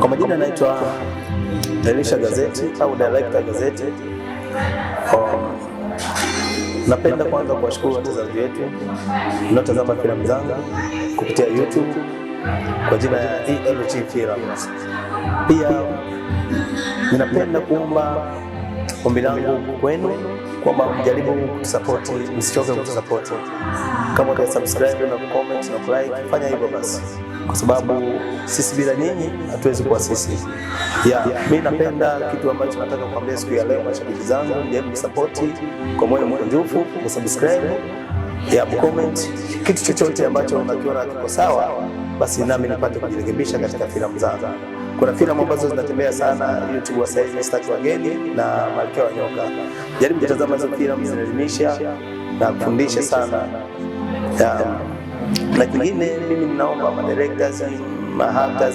Kwa majina anaitwa Elisha Gazeti au Director Gazeti. Oh, napenda kwanza kuwashukuru wachezaji wetu mnaotazama filamu zangu kupitia YouTube kwa jina ya ELG Films. Pia ninapenda kuomba ombi langu kwenu kwamba mjaribu kutusapoti, msichoke kutusapoti. Kama utasubscribe na comment na kulike, fanya hivyo basi kwa sababu sisi bila nyinyi hatuwezi kuwa sisi. Yeah, mimi napenda kitu ambacho nataka kuambia siku ya leo mashabiki zangu, jaribu kusapoti kwa moyo mkunjufu, kusubscribe ya comment kitu chochote ambacho unakiona kiko sawa, basi nami nipate kujirekebisha katika filamu zangu. Kuna filamu ambazo zinatembea sana YouTube wa saizi, Sitaki Wageni na Malkia wa Nyoka. Jaribu kutazama hizo filamu, zinaelimisha na kufundisha sana ya na kingine, mimi ninaomba madirekta, mahaka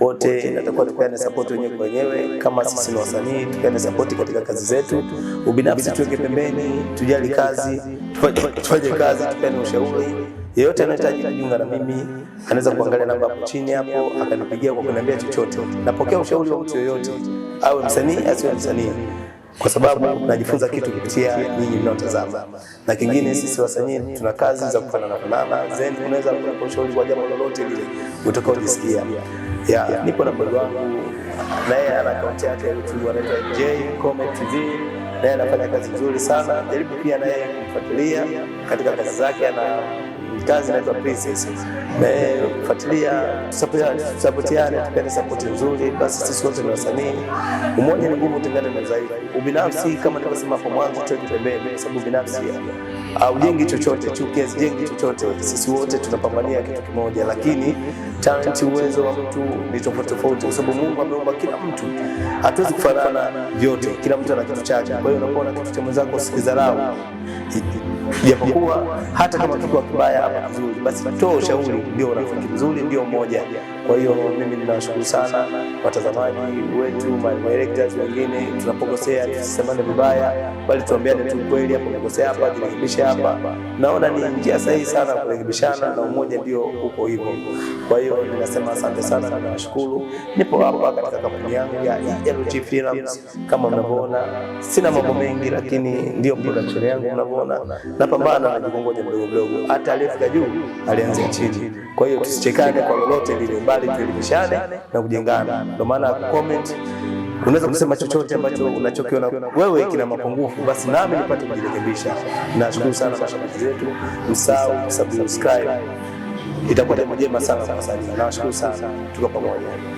wote natakuwa tupeane sapoti wenyewe kwa wenyewe, kama sisi ni wasanii tupeane sapoti katika kazi zetu. Ubinafsi tuweke pembeni, tujali kazi, tufanye kazi, tupeane ushauri. Yeyote anayehitaji kujiunga na mimi anaweza kuangalia namba hapo chini hapo akanipigia kwa kuniambia chochote. Napokea ushauri wa mtu yoyote, awe msanii asiwe msanii kwa sababu najifunza kitu kupitia nyinyi mnaotazama. Na kingine, sisi wasanii tuna kazi za kufanana fanana, zenu, unaweza kupa ushauri kwa jambo lolote lile utakaojisikia. ya nipo na mdogo wangu naye ana akaunti yake YouTube anaitwa J Comedy TV naye anafanya kazi nzuri sana. Jaribu pia naye kumfuatilia katika kazi zake, ana kazi inaitwa Princess, naye kufuatilia, tusapotiane, tupende sapoti nzuri. Basi sisi wote ni wasanii, umoja ni nguvu, utengane na zaidi. Ubinafsi kama nilivyosema hapo mwanzo, tuweke pembeni, kwa sababu binafsi aujengi chochote, chuki hazijengi chochote. Sisi wote tunapambania kitu kimoja, lakini talent, uwezo wa mtu ni tofauti tofauti, kwa sababu Mungu ameumba kila mtu, hatuwezi kufanana vyote, kila mtu ana kitu chake. Kwa hiyo unapoona kitu cha mwenzako usikizarau, japokuwa hata kama kitu kibaya ama kizuri, basi toa ushauri, ndio rafiki mzuri, ndio mmoja kwa hiyo mimi ninawashukuru sana watazamaji wetu, madirectors wengine, tunapokosea tusisemane vibaya, bali tuambiane tu kweli, hapo nimekosea hapa, nirekebishe hapa. Naona ni njia sahihi sana kurekebishana, na umoja ndio uko hivyo. Kwa hiyo ninasema asante sana, ninawashukuru. Nipo hapa katika kampuni yangu ya ELG Films kama mnavyoona, sina mambo mengi, lakini ndio production yangu mnavyoona, napambana na jikongoja mdogo mdogo, hata aliyefika juu alianzia chini. Kwa hiyo tusichekane kwa lolote lile tukubali, tuelimishane na kujengana. Ndio maana comment unaweza kusema chochote ambacho unachokiona wewe kina mapungufu, basi nami nipate kujirekebisha. Nashukuru sana mashabiki zetu, msahau subscribe, itakuwa jambo jema sana kwa sasa. Nawashukuru sana, tuko pamoja.